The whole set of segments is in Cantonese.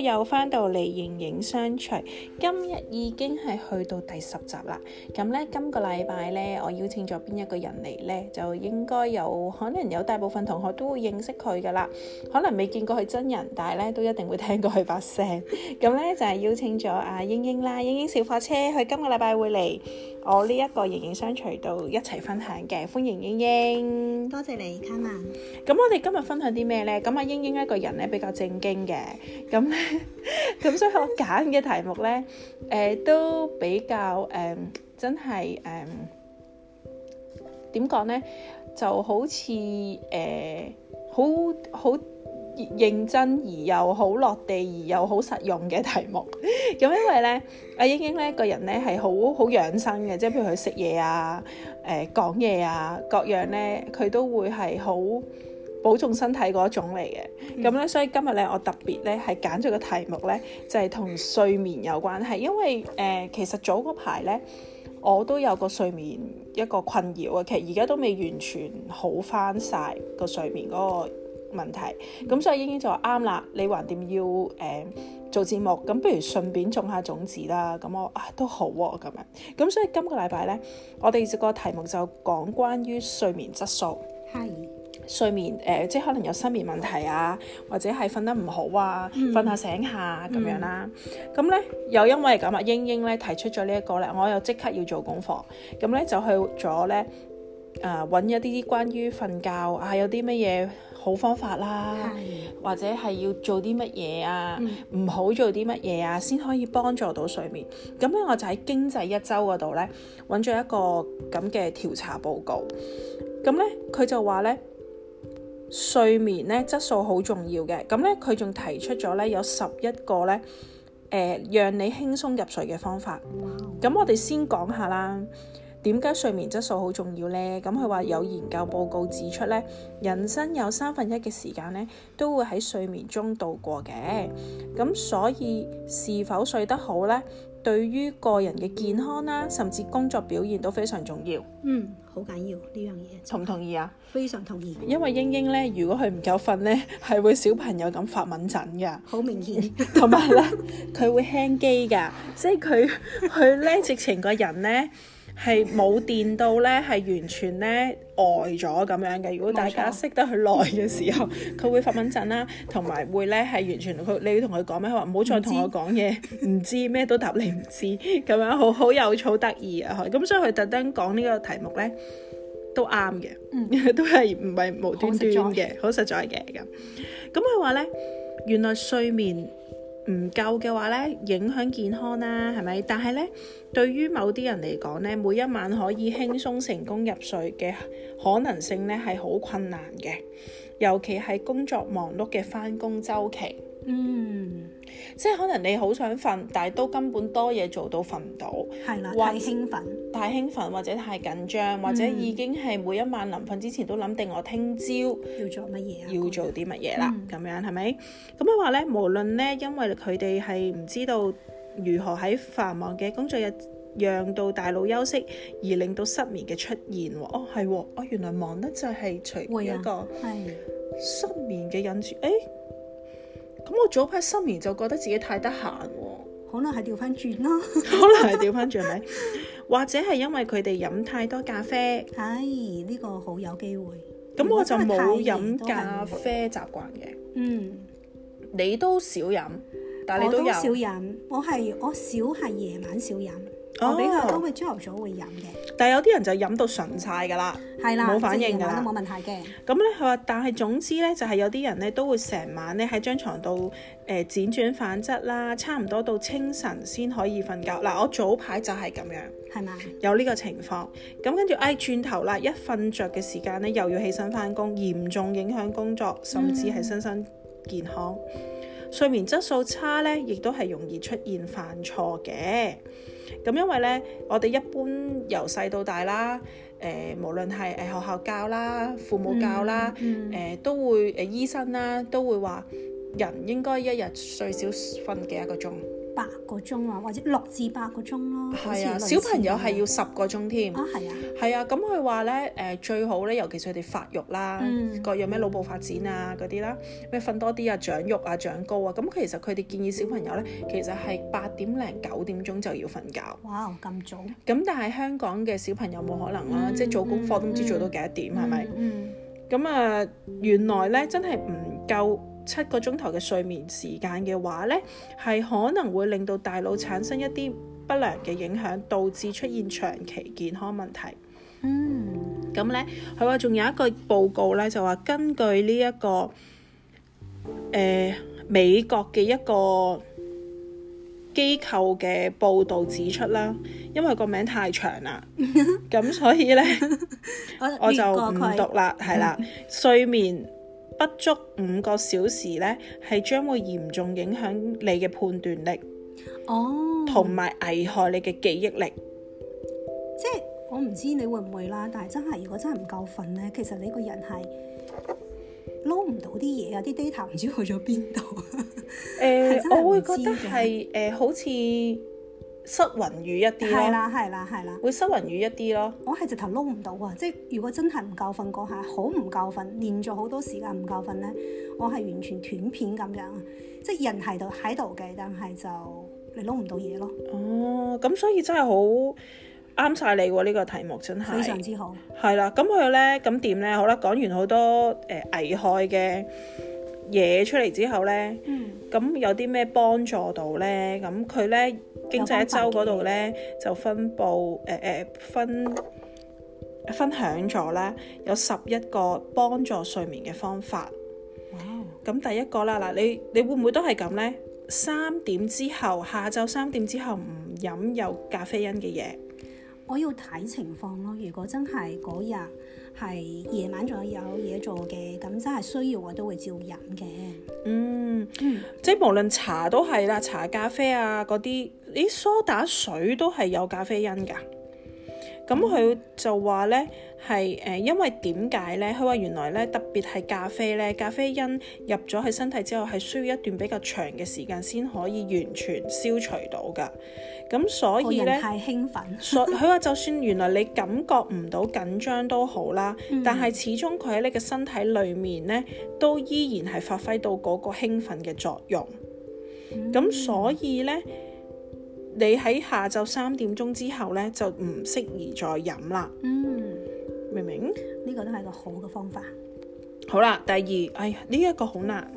又返到嚟形影相隨，今日已經係去到第十集啦。咁呢，今個禮拜呢，我邀請咗邊一個人嚟呢？就應該有可能有大部分同學都會認識佢噶啦。可能未見過佢真人，但係咧都一定會聽過佢把聲。咁呢，就係邀請咗阿英英啦，英英小火車，佢今個禮拜會嚟。我呢一個形影相隨到一齊分享嘅，歡迎英英。多謝你，卡文。咁 我哋今日分享啲咩呢？咁阿英英一個人咧比較正經嘅，咁咧，咁 所以我揀嘅題目呢，誒、呃、都比較誒、呃，真係誒點講呢？就好似誒好好。呃認真而又好落地，而又好實用嘅題目。咁 因為咧，阿英英咧個人咧係好好養生嘅，即係譬如佢食嘢啊，誒講嘢啊，各樣咧佢都會係好保重身體嗰種嚟嘅。咁咧、嗯、所以今日咧我特別咧係揀咗個題目咧就係、是、同睡眠有關係，因為誒、呃、其實早嗰排咧我都有個睡眠一個困擾啊，其實而家都未完全好翻晒個睡眠嗰、那個。問題咁，嗯、所以英英就話啱啦，你橫掂要誒、呃、做節目，咁不如順便種下種，種子啦。咁我啊都好咁、啊、樣。咁所以今個禮拜咧，我哋個題目就講關於睡眠質素。係是睡眠誒、呃，即係可能有失眠問題啊，或者係瞓得唔好啊，瞓下、嗯、醒下咁、啊、樣啦、啊。咁咧、嗯、又因為咁啊，英英咧提出咗呢一個咧，我又即刻要做功課。咁咧就去咗咧誒，搵、呃、一啲啲關於瞓覺啊，有啲乜嘢？好方法啦，或者係要做啲乜嘢啊，唔、嗯、好做啲乜嘢啊，先可以幫助到睡眠。咁咧，我就喺經濟一周嗰度咧，揾咗一個咁嘅調查報告。咁咧，佢就話咧，睡眠咧質素好重要嘅。咁咧，佢仲提出咗咧有十一個咧，誒、呃，讓你輕鬆入睡嘅方法。咁 Wow. 我哋先講下啦。點解睡眠質素好重要呢？咁佢話有研究報告指出咧，人生有三分一嘅時間咧，都會喺睡眠中度過嘅。咁所以是否睡得好咧，對於個人嘅健康啦、啊，甚至工作表現都非常重要。嗯，好緊要呢樣嘢，同唔同意啊？非常同意。因為英英咧，如果佢唔夠瞓咧，係會小朋友咁發敏疹噶，好明顯。同埋咧，佢會輕肌噶，即係佢佢咧直情個人咧。係冇電到咧，係完全咧呆咗咁樣嘅。如果大家識得佢耐嘅時候，佢冇錯會發緊震啦，同埋會咧係完全佢，你要同佢講咩？佢話唔好再同我講嘢，唔知咩都答你唔知咁樣，好好有草得意啊！咁所以佢特登講呢個題目咧都啱嘅，都係唔係無端端嘅，好實在嘅咁。咁佢話咧，原來睡眠。唔夠嘅話呢，影響健康啦，啊，係咪？但係呢，對於某啲人嚟講呢，每一晚可以輕鬆成功入睡嘅可能性呢，係好困難嘅，尤其係工作忙碌嘅返工週期。嗯，即係可能你好想瞓，但係都根本多嘢做到瞓唔到，係啦的，是太興奮，嗯、太興奮或者太緊張，或者已經係每一晚臨瞓之前都諗定我聽朝要做乜嘢啊，要做啲乜嘢啦，咁、嗯、樣係咪？咁你話咧，無論咧，因為佢哋係唔知道如何喺繁忙嘅工作日讓到大腦休息，而令到失眠嘅出現。嗯、哦，係，我原來忙得就係除會一個係失眠嘅忍住，誒、欸。咁我早排失眠就覺得自己太得閒喎，可能係掉翻轉啦，可能係掉翻轉，或者係因為佢哋飲太多咖啡，唉、哎，呢、呢個好有機會。咁我就冇飲咖啡，咖啡習慣嘅，嗯，你都少飲，但你都少飲，我係我少係夜晚少飲。我比較都會朝頭早會飲嘅，但係有啲人就飲到神晒㗎啦，係啦，冇反應㗎，都冇問題嘅。咁咧佢話，但係總之咧就係有啲人咧都會成晚咧喺張床度誒輾轉反側啦，差唔多到清晨先可以瞓覺。嗱，我早排就係咁樣，係嘛嗎？有呢個情況，咁跟住哎轉頭啦，一瞓着嘅時間咧又要起身返工，嚴重影響工作，甚至係身心健康。嗯睡眠質素差咧，亦都係容易出現犯錯嘅。咁因為咧，我哋一般由細到大啦，誒、呃，無論係誒學校教啦、父母教啦，誒都會誒醫生啦，都會話、呃、人應該一日最少瞓幾個鐘？八個鐘啊，或者六至八個鐘咯。係啊，小朋友係要十個鐘添。啊，係啊。係啊，咁佢話咧，誒最好咧，尤其是佢哋發育啦，各有咩腦部發展啊嗰啲啦，咩瞓多啲啊，長肉啊，長高啊。咁其實佢哋建議小朋友咧，其實係八點零九點鐘就要瞓覺。哇，咁早！咁但係香港嘅小朋友冇可能啦，即係做功課都唔知做到幾多點，係咪？嗯。咁啊，原來咧真係唔夠。七個鐘頭嘅睡眠時間嘅話呢，係可能會令到大腦產生一啲不良嘅影響，導致出現長期健康問題。咁、嗯、呢，佢話仲有一個報告呢，就話根據呢、這個呃、一個誒美國嘅一個機構嘅報道指出啦，因為個名太長啦，咁 所以呢， 我就唔讀啦，係啦， 睡眠不足五個小時呢，係將會嚴重影響你嘅判斷力，哦，同埋危害你嘅記憶力。即係、嗯就是、我唔知你會唔會啦，但係真係如果真係唔夠瞓呢，其實你個人係撈唔到啲嘢啊，啲 data 唔知去咗邊度。誒、 欸，我會覺得係誒、 呃，好似，失魂雨一啲啦，係啦係啦係啦，會失魂雨一啲咯。我係直頭撈唔到啊！即係如果真係唔夠瞓嗰下，好唔夠瞓，連咗好多時間唔夠瞓咧，我係完全斷片咁樣，即係人係度喺度嘅，但係就你撈唔到嘢咯。哦，咁所以真係好啱晒你喎！呢、這個題目真係非常之好。係啦，咁佢咧咁點咧？好啦，講完好多誒、呃、危害嘅。嘢出嚟之後呢，咁、嗯、有啲咩幫助到呢？咁佢呢，經濟一週嗰度呢，就分佈誒誒分分享咗啦，有十一個幫助睡眠嘅方法。哇、哦！咁第一個啦，嗱，你你會唔會都係咁呢？三點之後，下晝三點之後唔飲有咖啡因嘅嘢。我要睇情況咯，如果真係嗰日。係夜晚仲有嘢做嘅，咁真係需要我都會照飲嘅。嗯，嗯。即係無論茶都係啦，茶、咖啡啊嗰啲，啲蘇打水都係有咖啡因㗎。咁佢就話咧係誒，因為點解咧？佢話原來咧特別係咖啡咧，咖啡因入咗佢身體之後係需要一段比較長嘅時間先可以完全消除到噶。咁所以咧，我人太興奮。所佢話就算原來你感覺唔到緊張都好啦，嗯、但係始終佢喺你嘅身體裡面咧都依然係發揮到嗰個興奮嘅作用。咁、嗯、所以咧。你喺下晝三點鐘之後呢，就唔適宜再飲啦。嗯，明唔明？呢個都係一個好嘅方法。好啦，第二，哎呀，呢一個好難。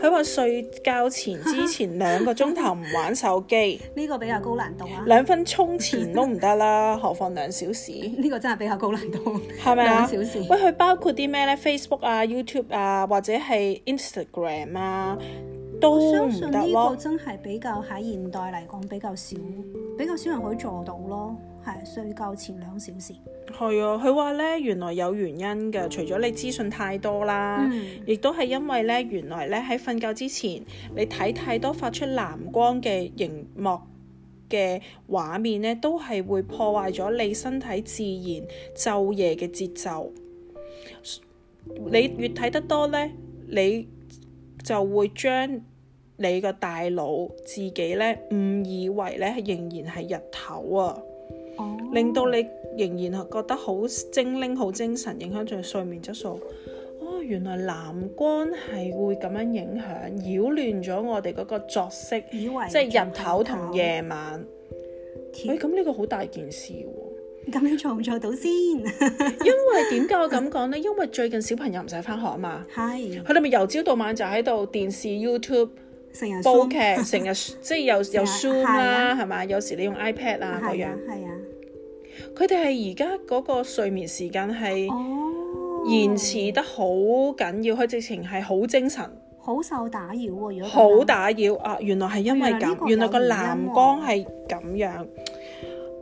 佢話睡覺前之前兩個鐘頭唔玩手機，呢個比較高難度啊。兩分鐘前都唔得啦， 何況兩小時？呢個真係比較高難度，係咪 啊？兩小時？喂，佢包括啲咩呢 Facebook 啊、YouTube 啊，或者係 Instagram 啊？都我相信呢個真係比較喺現代嚟講比較少， 比較少人可以做到咯。係啊，睡覺前兩小時，係啊，佢話咧，原來有原因嘅，除咗你資訊太多啦，亦都係因為咧，原來咧，喺瞓覺之前，你睇太多發出藍光嘅熒幕嘅畫面咧，都係會破壞咗你身體自然晝夜嘅節奏。你越睇得多咧，你就會將。你個大腦自己咧誤以為咧係仍然係日頭啊，oh. 令到你仍然係覺得好精靈、好精神，影響住睡眠質素。哦，原來藍光係會咁樣影響，擾亂咗我哋嗰個作息。以為即係日頭同夜晚。喂，咁呢、哎、個好大件事喎，啊！咁你做唔做到先？ 因為點解我咁講呢？因為最近小朋友唔使返學啊嘛，係佢哋咪由朝到晚就喺度電視、YouTube。成日煲劇，成日 即係又又 Zoom 啦，係咪、啊？有時你用 iPad 啊，嗰樣。係啊，佢哋係而家嗰個睡眠時間係延遲得好緊要，佢、哦、直情係好精神，好受打擾啊！好打擾啊，原來係因為咁，原來，個、原、啊、原來個藍光係咁樣。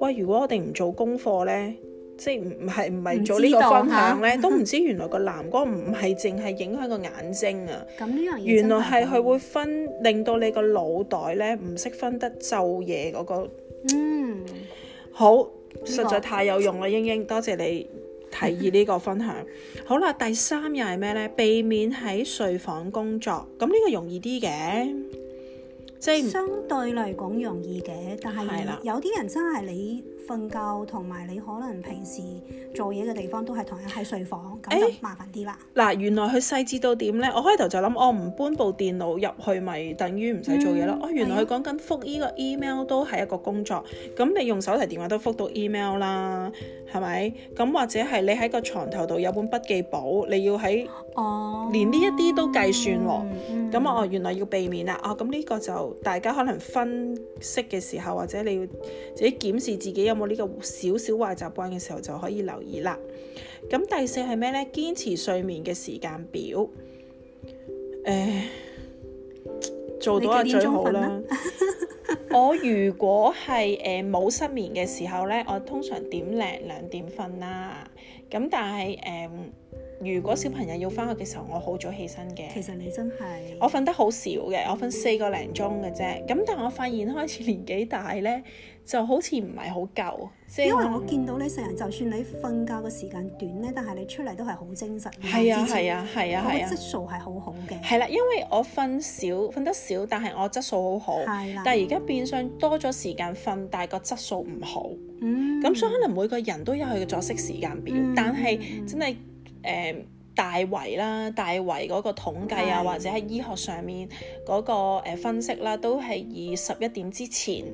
喂，如果我哋唔做功課咧？即係唔係唔係做呢個分享呢？都唔知原來個藍光唔係淨係影響個眼睛啊！咁呢樣嘢，原來係佢會分 令到你個腦袋呢唔識分得晝夜嗰、那個。嗯，好，這個、實在太有用啦，英英，多謝你提議呢個分享。 好啦，第三又係咩呢？避免喺睡房工作，咁呢個容易啲嘅。即係相對嚟講容易嘅，但係有啲人真係你瞓覺同埋你可能平時做嘢嘅地方都係同樣喺睡房，咁就麻煩啲啦。嗱，原來佢細緻到點呢？我開頭就諗，我唔搬部電腦入去，咪等於唔使做嘢咯。哦，原來佢講緊覆呢個 email 都係一個工作，咁你用手提電話都覆到 email 啦，係咪？咁或者係你喺個床頭度有本筆記簿，你要喺哦，連呢一啲都計算喎。咁啊哦，原來要避免啦，哦，咁呢個就。大家可能分析嘅時候，或者你要自己檢視自己有冇呢個少少壞習慣嘅時候，就可以留意啦。咁第四係咩呢？堅持睡眠嘅時間表，誒、欸，做到係最好啦。 我如果係誒冇失眠嘅時候呢，我通常點零兩點瞓啦。咁但係誒。呃如果小朋友要翻學嘅時候，我好早起身嘅。其實你真係我瞓得好少嘅，我瞓四個零鐘嘅啫。咁但係我發現開始年紀大咧，就好似唔係好夠，即係。因為我見到啲成人，就算你瞓覺嘅時間短咧，但係你出嚟都係好精神，係啊，係啊，係啊，係啊，質素係好好嘅。係啦，因為我瞓少，瞓得少，但係我質素好好。係啦、啊，但係而家變相多咗時間瞓，但係個質素唔好。嗯，咁所以可能每個人都有佢嘅作息時間表，但係真係。嗯嗯誒、呃、大圍啦，大圍嗰個統計啊，係嘅或者喺醫學上面嗰、嗰個、呃、分析啦，都係以十一點之前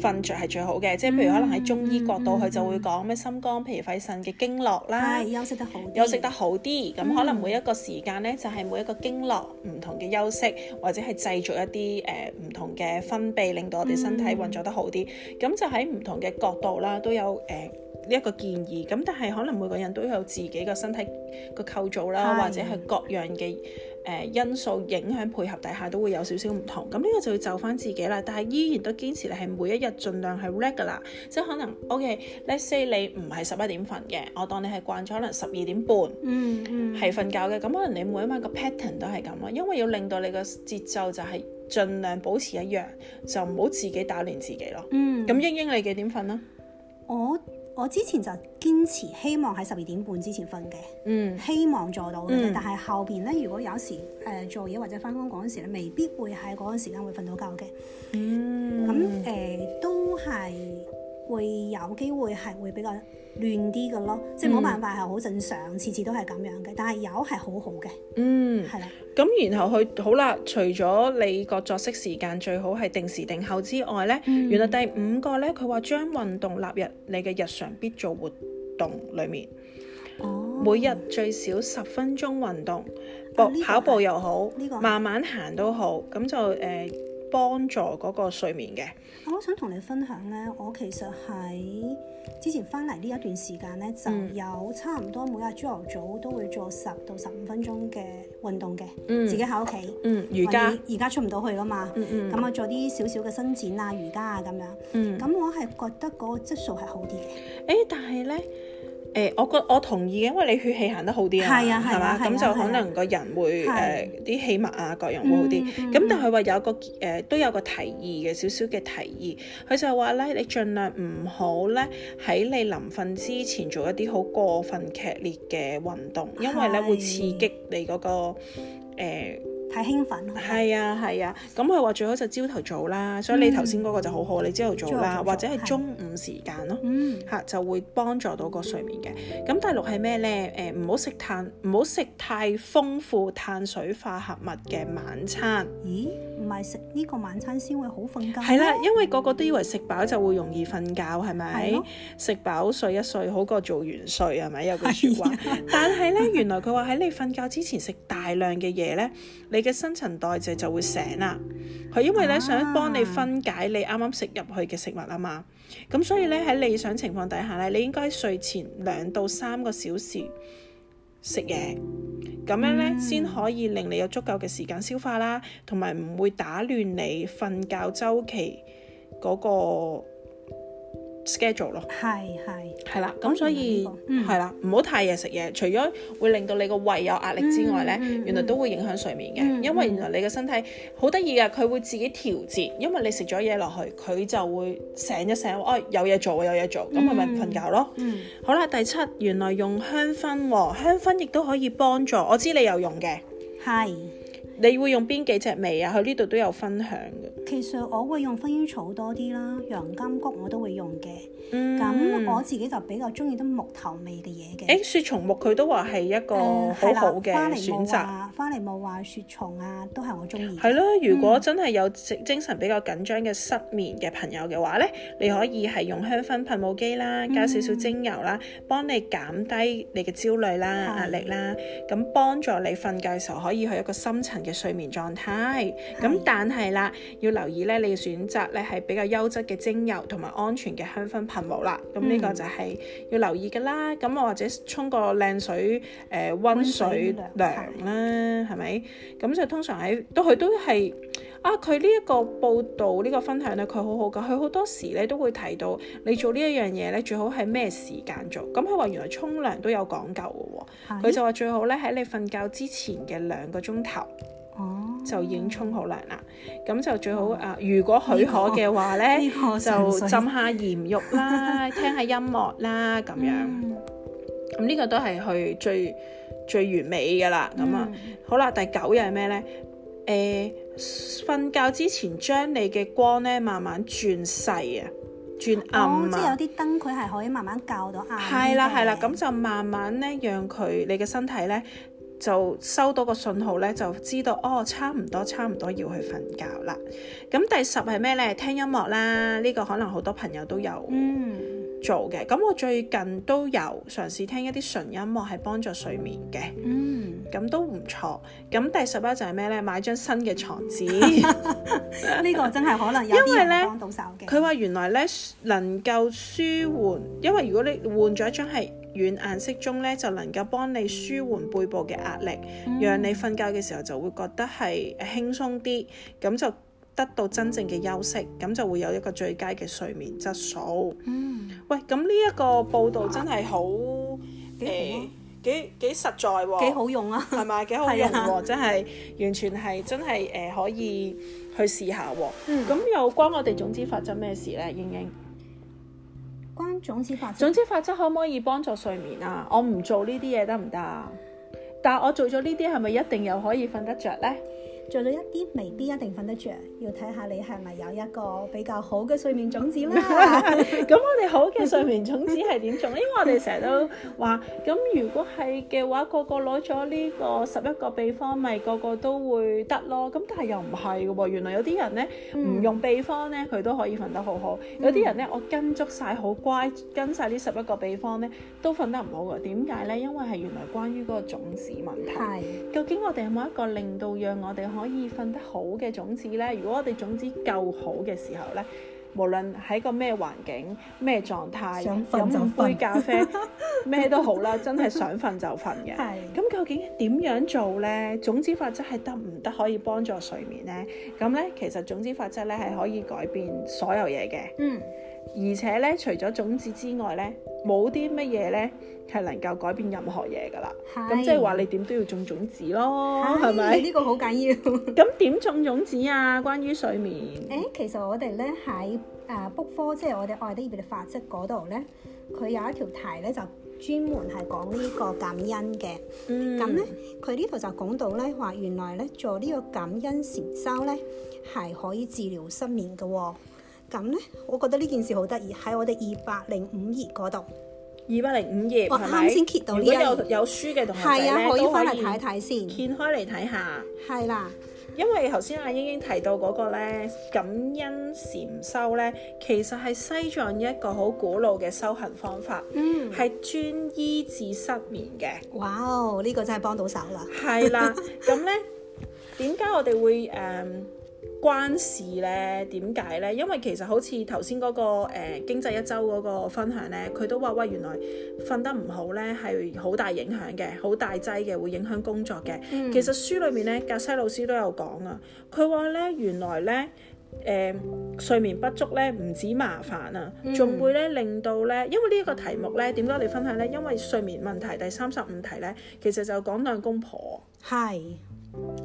瞓着係最好嘅。即係譬如可能喺中醫角度，佢、嗯嗯、就會講咩心肝脾肺腎嘅經絡啦，休息得好，休息得好啲。咁可能每一個時間咧，嗯、就係每一個經絡唔同嘅休息，或者係製造一啲誒唔同嘅分泌，令到我哋身體運作得好啲。咁、嗯、就喺唔同嘅角度啦，都有誒。呃呃一個建議咁，但係可能每個人都有自己個身體個構造啦，的或者係各樣嘅誒、呃、因素影響配合底下都會有少少唔同。咁呢個就要就翻自己啦。但係依然都堅持你係每一日盡量係 regular 噶啦。即係可能 OK，let's、okay, say 你唔係十一點瞓嘅，我當你係慣咗可能十二點半嗯係瞓覺嘅。咁、嗯、可能你每一晚個 pattern 都係咁咯，因為要令到你個節奏就係盡量保持一樣，就唔好自己打亂自己咯。嗯。咁英英你幾點瞓咧？我。我之前就堅持希望喺十二點半之前瞓嘅，嗯、希望做到嘅。嗯、但係後邊咧，如果有時誒、呃、做嘢或者翻工嗰陣時咧，未必會喺嗰陣時間會瞓到覺嘅。咁誒、嗯呃、都係會有機會係會比較亂啲嘅咯，即係冇辦法係好正常，次次都係咁樣嘅。但係有係好好嘅，嗯，係啦的。咁然後佢好啦，除咗你個作息時間最好係定時定候之外呢，嗯、原來第五個呢，佢話將運動納入你嘅日常必做活動裏面。哦、每日最少十分鐘運動，啊、跑步又好，啊這個、慢慢行都好，咁就誒。Uh, 幫助嗰個睡眠嘅。我想同你分享咧，我其實喺之前翻嚟呢一段時間咧，嗯、就有差唔多每日朝頭早都會做十到十五分鐘嘅運動嘅。嗯、自己喺屋企。嗯，瑜伽。而家出唔到去啦嘛。嗯嗯。咁啊，做啲少少嘅伸展啊、瑜伽啊咁樣。嗯。咁我係覺得嗰個質素係好啲嘅。誒、欸，但係咧。誒、欸，我個我同意嘅，因為你血氣行得好啲啊，係嘛？咁就可能個人會誒啲氣脈啊，各樣會好啲。咁、嗯嗯、但係話有個誒、呃、都有個提議嘅，少少嘅提議，佢就話咧，你盡量唔好咧喺你臨瞓之前做一啲好過分劇烈嘅運動，因為咧會刺激你嗰、那個、呃太興奮咯！係啊係啊，咁佢話最好就朝頭早啦，所以你頭先嗰個就好好，嗯、你朝頭早朝頭早啦，做做或者係中午時間咯，嚇、嗯啊、就會幫助到個睡眠嘅。咁第六係咩呢？誒，唔好食碳，唔好食太豐富碳水化合物嘅晚餐。咦？唔係食呢個晚餐先會好瞓覺？係啦、啊，因為個個都以為食飽就會容易瞓覺，係咪？啊、食飽睡一睡好過做完睡係咪？有句説話。啊、但係呢，原來佢話喺你瞓覺之前食大量嘅嘢呢。嗯 你嘅新陳代謝就會醒啦，佢因為咧想幫你分解你啱啱食入去嘅食物啊嘛，咁所以咧喺理想情況底下咧，你應該睡前兩到三個小時食嘢，咁樣咧先、嗯、可以令你有足夠嘅時間消化啦，同埋唔會打亂你瞓覺周期嗰個。schedule 咯，係係係啦，咁所以係啦，唔好、嗯、太夜食嘢，除咗會令到你個胃有壓力之外咧，嗯嗯、原來都會影響睡眠嘅，嗯、因為原來你個身體好得意嘅，佢會自己調節，因為你食咗嘢落去，佢就會醒一醒，哦、哎，有嘢做，有嘢做，咁係咪瞓覺咯？嗯，嗯好啦，第七，原來用香薰，香薰亦都可以幫助，我知你有用嘅，係。你會用邊幾隻味啊？佢呢度都有分享。其實我會用薰衣草多啲啦，洋甘菊我都會用嘅。咁、嗯、我自己就比較中意啲木頭味嘅嘢嘅。誒、欸、雪松木佢都話係一個好好嘅選擇。花梨木啊，花梨木話雪松啊，都係我中意。係咯，如果、嗯、真係有精神比較緊張嘅失眠嘅朋友嘅話咧，你可以係用香薰噴霧機啦，加少少精油啦，嗯、幫你減低你嘅焦慮啦、壓力啦，咁幫助你瞓覺嘅時候可以去一個深層嘅睡眠狀態。咁但係啦，要留意咧，你要選擇咧係比較優質嘅精油同埋安全嘅香薰。汗啦，咁呢、嗯、個就係要留意噶啦。咁我或者沖個靚水誒，溫、呃、水涼啦，係咪？咁就通常喺都佢都係啊，佢呢一個報道呢、這個分享咧，佢好好噶。佢好多時咧都會提到你做呢一樣嘢咧，最好係咩時間做？咁佢話原來沖涼都有講究噶。佢嗎就話最好咧喺你瞓覺之前嘅兩個鐘頭哦，就已經沖好涼啦，咁就最好啊！如果許可嘅話咧，這個、就浸下鹽浴啦， 聽下音樂啦，咁樣。咁呢、嗯、個都係去最最完美嘅啦。咁啊、嗯，好啦，第九嘢係咩咧？誒、呃，瞓覺之前將你嘅光咧慢慢轉細啊，轉暗啊。哦、即係有啲燈佢係可以慢慢校到暗。係啦，係啦，咁就慢慢咧，讓佢你嘅身體咧，就收到個信號咧，就知道哦，差唔多，差唔多要去瞓覺啦。咁第十係咩咧？聽音樂啦，呢個可能好多朋友都有做嘅。咁、嗯、我最近都有嘗試聽一啲純音樂，係幫助睡眠嘅。嗯，咁都唔錯。咁第十一咧就係咩咧？買張新嘅床墊。呢個真係可能有啲幫到手嘅。佢話原來咧能夠舒緩，嗯、因為如果你換咗一張係。軟硬適中咧就能夠幫你舒緩背部嘅壓力，嗯、讓你瞓覺嘅時候就會覺得係輕鬆啲，咁就得到真正嘅休息，咁就會有一個最佳嘅睡眠質素。嗯，喂，咁呢一個報道真係、嗯、呃、好誒幾幾實在喎，幾好用啊，係咪？幾好用喎、啊，真係完全係真係誒可以去試下喎。咁、嗯、又關我哋總之發生咩事咧，英英、英？關總，總之法則可唔可以幫助睡眠啊？我唔做呢啲嘢得唔得啊？但係我做咗呢啲，係咪一定又可以瞓得着呢？做咗一啲未必一定瞓得着，要睇下你係咪有一個比較好嘅睡眠種子啦。咁我哋好嘅睡眠種子係點種咧？因為我哋成日都話，咁如果係嘅話，個個攞咗呢個十一個秘方，咪個個都會得咯。咁但係又唔係嘅，原來有啲人咧，唔用秘方咧，佢都可以瞓得好好。有啲人咧，我跟足晒好乖，跟晒呢十一個秘方咧，都瞓得唔好噶、啊。點解咧？因為係原來關於嗰個種子問題。究竟我哋有冇一個令到讓我哋？可以瞓得好嘅種子呢？如果我哋種子夠好嘅時候呢，無論喺個咩環境、咩狀態、飲咗杯咖啡咩 都好啦，真係想瞓就瞓嘅。咁對究竟點樣做呢？種子法則係得唔得可以幫助睡眠呢？咁呢，其實種子法則呢係可以改變所有嘢嘅。嗯。而且咧，除咗種子之外咧，冇啲乜嘢咧係能夠改變任何嘢噶啦。咁是即係話你點都要種種子咯，係咪是？呢吧個好緊要。咁點 種種子啊？關於睡眠。誒、欸，其實我哋咧喺誒 book 科，即係我哋愛的與被的法則嗰度咧，佢有一條題咧就專門係講呢個感恩嘅。嗯。咁咧，佢呢度就講到咧話，原來咧做呢個感恩禪修咧，係可以治療失眠嘅喎。咁咧，我覺得呢件事好得意，喺我哋二百零五頁嗰度。二百零五頁，我啱先揭到呢一有。有有書嘅同學仔咧、啊，可以翻嚟睇睇先。掀開嚟睇下。係啦。因為頭先阿英英提到嗰個咧，感恩禪修咧，其實係西藏一個好古老嘅修行方法。嗯。係專醫治失眠嘅。哇哦！呢、呢個真係幫到手啦。係啦。咁咧，點解我哋會誒？關事咧？點解咧？因為其實好似頭先嗰個誒、呃、經濟一周嗰個分享咧，佢都話喂，原來瞓得唔好咧係好大影響嘅，好大劑嘅，會影響工作嘅。嗯、其實書裏面咧，格西老師都有講啊。佢話咧，原來咧誒、呃、睡眠不足咧唔止麻煩啊，仲、嗯、會咧令到咧，因為呢一個題目咧點解我哋分享咧？因為睡眠問題第三十五題咧，其實就講兩公婆係。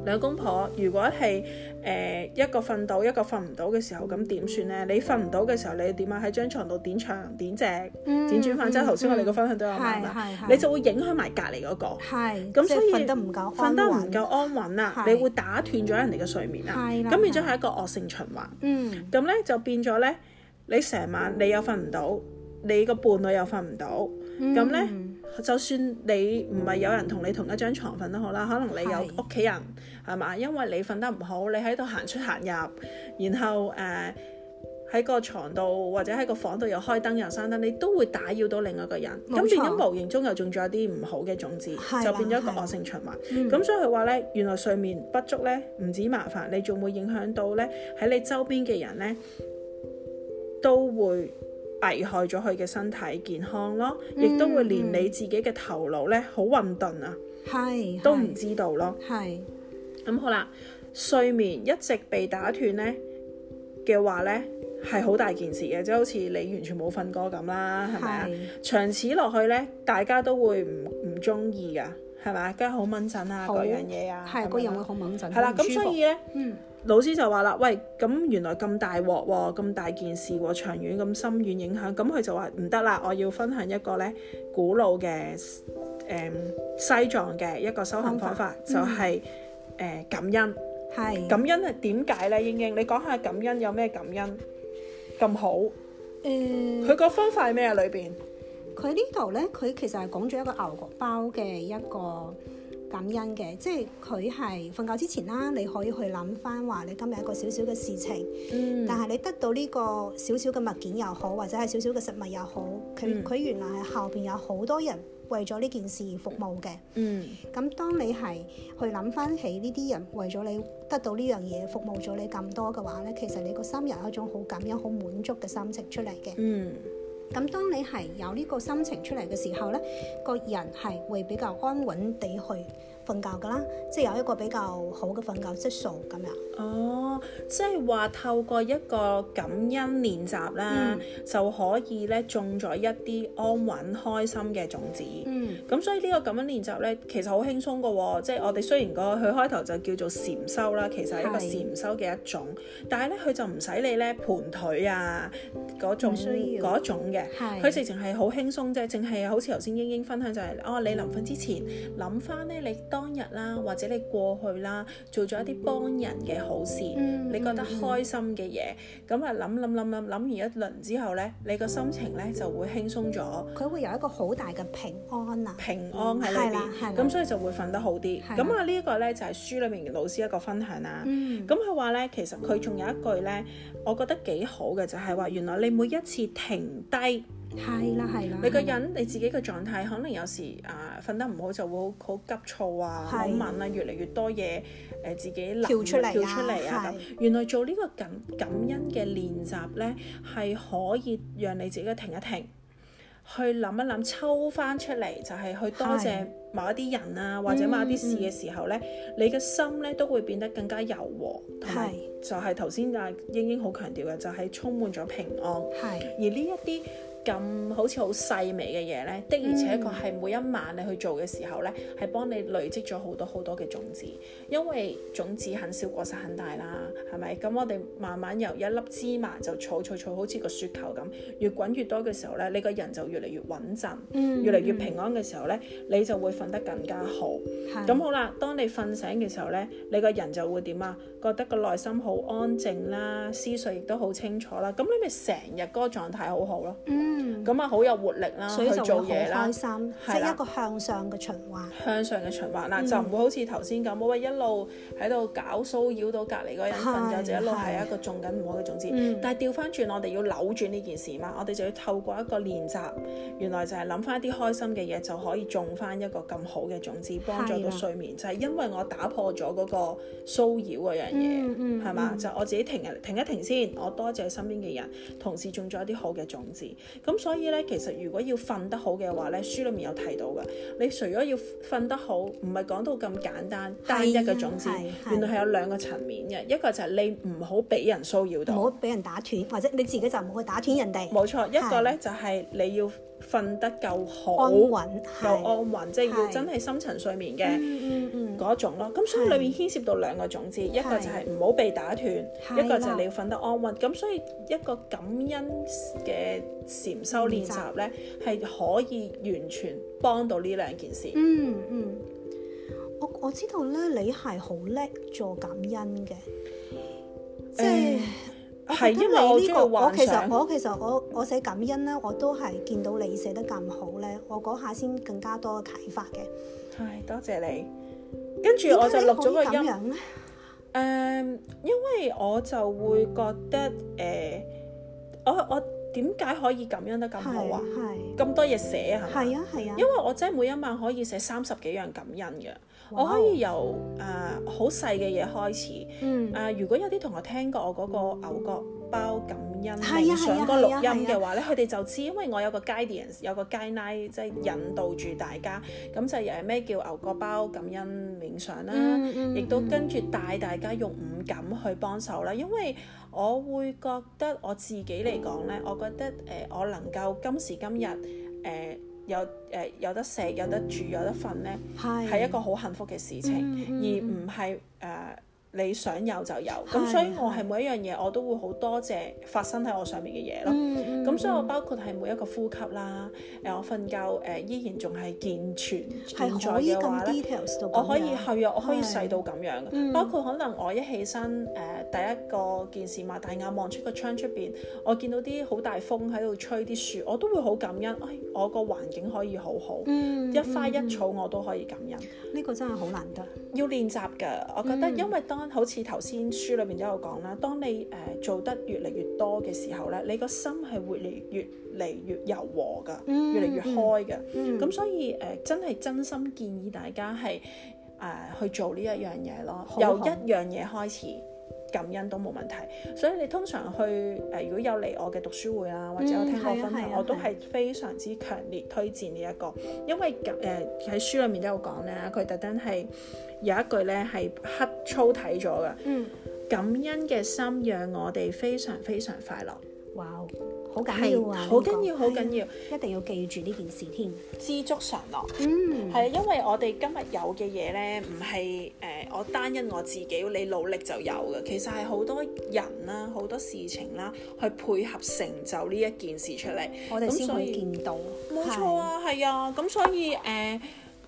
兩公婆如果係誒，一個瞓到一個瞓唔到嘅時候，咁點算咧？你瞓唔到嘅時候，你點啊？喺張床度點長點正輾轉反側？頭先我哋個分享都有講噶，你就會影響埋隔籬嗰個。係咁，所以瞓得唔夠安穩啦，你會打斷咗人哋嘅睡眠啦。係咁變咗係一個惡性循環。嗯，咁咧就變咗咧，你成晚你又瞓唔到，你個伴侶又瞓唔到，咁咧。就算你唔係有人同你同一張床瞓都好啦，嗯、可能你有屋企人係嘛是？因為你瞓得唔好，你喺度行出行入，然後誒喺、呃、個床度或者喺個房度又開燈又閂燈，你都會打擾到另外一個人。咁錯變咗無形中又種咗啲唔好嘅種子，吧就變咗一個惡性循環。咁是、嗯、所以佢話咧，原來睡眠不足咧唔止麻煩，你仲會影響到咧喺你周邊嘅人咧都會。危害咗佢嘅身體健康咯，嗯、亦都會連你自己嘅頭腦咧好混沌啊，都唔知道咯。係咁、嗯、好啦，睡眠一直被打斷咧嘅話咧係好大件事嘅，即係好似你完全冇瞓過咁啦，係咪啊？長此落去咧，大家都會唔唔中意噶，係咪？跟住好掹震啊，各好樣嘢啊，係個人會好掹震。係啦，咁所以咧，嗯。老師就話啦：喂，咁原來咁大禍喎，咁大件事喎，長遠咁深遠影響，咁佢就話唔得啦，我要分享一個咧古老嘅誒西藏嘅一個修行方法，就係誒感恩。係。感恩係點解咧，英英？你講下感恩有咩感恩咁好？誒。佢個方法係咩啊？裏邊？佢呢度咧，佢其實係講咗一個牛角包嘅一個。感恩嘅，即係佢係瞓覺之前啦，你可以去諗翻話你今日一個小小嘅事情，嗯、但係你得到呢個小小嘅物件又好，或者係小小嘅食物又好，佢佢、嗯、原來係後邊有好多人為咗呢件事而服務嘅。嗯，咁當你係去諗翻起呢啲人為咗你得到呢樣嘢服務咗你咁多嘅話咧，其實你個心入係一種好感恩、好滿足嘅心情出嚟嘅。嗯。咁當你係有呢個心情出嚟嘅時候咧，個人係會比較安穩地去瞓覺噶啦，即係有一個比較好嘅瞓覺質素咁樣。哦，即係話透過一個感恩練習啦，嗯、就可以咧種咗一啲安穩開心嘅種子。嗯，咁所以呢個感恩練習咧，其實好輕鬆噶喎、哦。即、就、係、是、我哋雖然、個佢開頭就叫做禪修啦，其實係一個禪修嘅一種，嗯、但係咧佢就唔使你咧盤腿啊嗰種嘅。係，佢、嗯、直情係好輕鬆啫，淨係的好似頭先英英分享就係、是，哦，你臨瞓之前諗翻咧你，當日啦，或者你過去啦，做咗一啲幫人嘅好事，嗯、你覺得開心嘅嘢，咁啊諗諗諗諗諗完一輪之後呢，你個心情呢就會輕鬆咗，佢、嗯、會有一個好大嘅平安啊，平安喺裏面，咁、嗯、所以就會瞓得好啲。咁啊呢一個呢，就係、是、書裏面嘅老師一個分享啦。咁佢話呢，其實佢仲有一句呢，我覺得幾好嘅就係話，原來你每一次停低。係啦，係啦。你個人你自己嘅狀態，可能有時啊，瞓得唔好就會好好急躁啊、好敏啊，越嚟越多嘢誒自己跳出嚟跳出嚟啊咁。原來做呢個感感恩嘅練習咧，係可以讓你自己停一停，去諗一諗，抽翻出嚟，就係去多謝某一啲人啊，或者某一啲事嘅時候咧，你嘅心咧都會變得更加柔和。同埋就係頭先啊，英英好強調嘅就係充滿咗平安。係而呢一啲。咁好似好細微嘅嘢呢，的而且確係每一晚你去做嘅時候呢，係幫你累積咗好多好多嘅種子，因為種子很少，果實很大啦，係咪？咁我哋慢慢由一粒芝麻就儲儲儲，好似個雪球咁，越滾越多嘅時候呢，你個人就越嚟越穩陣，嗯、越嚟越平安嘅時候呢，嗯、你就會瞓得更加好。咁的好啦，當你瞓醒嘅時候呢，你個人就會點啊？覺得個內心好安靜啦，思緒亦都好清楚啦。咁你咪成日嗰個狀態好好咯。嗯咁啊好有活力啦，去做嘢啦，所以開心，即係一個向上嘅循環，向上嘅循環啦，就唔會好似頭先咁，我話一路喺度搞騷擾到隔籬嗰人瞓覺，就就一路係一個種緊唔好嘅種子，但係調翻轉我哋要扭轉呢件事嘛，我哋就要透過一個練習，原來就係諗翻一啲開心嘅嘢，就可以種翻一個咁好嘅種子，幫助到睡眠，就係因為我打破咗嗰個騷擾嘅樣嘢，係嘛，就我自己停一停一停先，我多謝身邊嘅人，同時種咗一啲好嘅種子。咁所以咧，其實如果要瞓得好嘅話咧，書裏面有提到嘅。你除咗要瞓得好，唔係講到咁簡單，啊、單一嘅總結，啊、原來係有兩個層面嘅。啊、一個就係你唔好俾人騷擾到，唔好俾人打斷，或者你自己就唔好去打斷人哋。冇錯，啊、一個咧就係你要瞓得夠好、安穩、又安穩，的即係要真係深層睡眠嘅嗰的種咯。咁的所以裏面牽涉到兩個種子，的一個就係唔好被打斷，的一個就係你要瞓得安穩。咁的所以一個感恩嘅禪修練習咧，係、嗯嗯、可以完全幫到呢兩件事。嗯嗯，我我知道咧，你係好叻做感恩嘅。誒、即係。嗯咁你呢、呢個我其實我其實我我寫感恩咧，我都係見到你寫得咁好咧，我嗰下先更加多嘅啟發嘅。係多謝你，跟住何我就錄咗個音。誒、嗯，因為我就會覺得誒、呃，我我點解可以感恩得咁好啊？咁多嘢寫係嘛？係啊係啊，因為我真係每一晚可以寫三十幾樣感恩嘅。Wow. 我可以由誒好細嘅嘢開始，誒、mm. 呃、如果有啲同學聽過我嗰個牛角包感恩冥想嗰個錄音嘅話咧，佢哋、啊啊啊啊、就知，因為我有個 guidance，有個 guideline 即係引導住大家，咁就係咩叫牛角包感恩冥想啦，亦、mm hmm. 都跟住帶大家用五感去幫手啦，因為我會覺得我自己嚟講咧，mm. 我覺得誒、呃、我能夠今時今日誒。呃有誒、呃、有得食，有得住，有得瞓咧，係是一個好幸福嘅事情，嗯嗯、而唔係誒你想有就有。咁、嗯、所以，我係每一樣嘢我都會好多謝發生喺我上面嘅嘢咯。嗯咁所以我包括係每一個呼吸啦，誒我瞓覺誒依然仲係健全存在嘅話，我可以去啊，我可以細到咁樣嘅，包括可能我一起身誒第一個件事擘大眼望出個窗出邊，我見到啲好大風喺度吹啲樹，我都會好感恩，誒我個環境可以好好，一花一草我都可以感恩，呢個真係好難得。要練習㗎，我覺得因為當好似頭先書裏邊都有講啦，當你誒做得越嚟越多嘅時候咧，你個心係會。越嚟越柔和噶，越嚟越開噶，咁、嗯嗯、所以誒、呃，真係真心建議大家係誒、呃、去做呢一樣嘢咯，好好由一樣嘢開始感恩都冇問題。所以你通常去誒、呃，如果有嚟我嘅讀書會啦、啊，或者有聽我分享，我都係非常之強烈推薦呢、這、一個，因為誒喺、呃、書裡面都有講咧，佢特登係有一句咧係黑粗體咗噶，嗯、感恩嘅心讓我哋非常非常快樂。哇，好緊要啊！好緊要，好緊要，一定要記住呢件事添。知足常樂，嗯，係啊，因為我哋今日有嘅嘢咧，唔係誒，我單一我自己你努力就有嘅，其實係好多人啦，好多事情啦，去配合成就呢一件事出嚟，我哋先可以見到。冇錯啊，係啊，咁所以誒，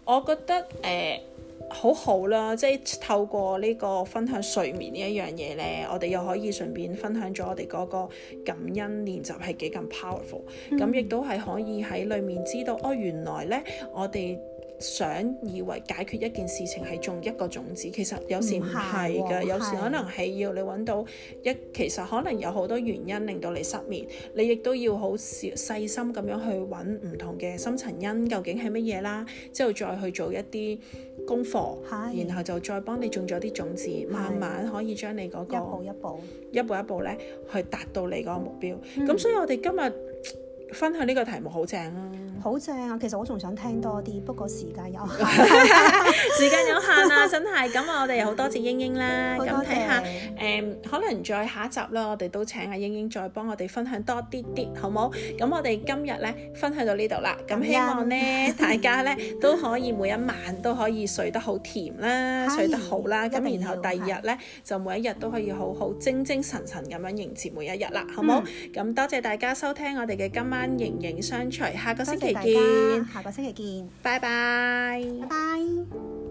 我覺得誒。好好啦，即係透過呢個分享睡眠呢一樣嘢呢，我哋又可以順便分享咗我哋嗰個感恩練習係幾咁 powerful，咁亦都、嗯、係可以喺裏面知道哦，原來呢，我哋。想以為解決一件事情係種一個種子，其實有時唔係嘅，啊、有時可能係要你揾到一，的其實可能有好多原因令到你失眠，你亦都要好細心咁樣去揾唔同嘅深層因究竟係乜嘢啦，之後再去做一啲功課，的然後就再幫你種咗啲種子，慢慢可以將你嗰、嗰個一步一步，一步一步咧去達到你嗰個目標。咁、嗯、所以我哋今日。分享呢個題目好正啊，好正啊！其實我仲想聽多啲，不過時間有限， 時間有限啊，真係。咁我哋又好多謝英英啦，咁睇下誒、嗯，可能再下一集啦。我哋都請阿英英再幫我哋分享多啲啲，好冇？咁我哋今日咧分享到呢度啦，咁希望咧 大家咧都可以每一晚都可以睡得好甜啦， 睡得好啦，咁然後第二日咧就每一日都可以好好精精神神咁樣迎接每一日啦，好冇？咁、嗯、多謝大家收聽我哋嘅今。形影相隨，下個星期見。謝謝，下個星期見，拜拜。拜拜。拜拜。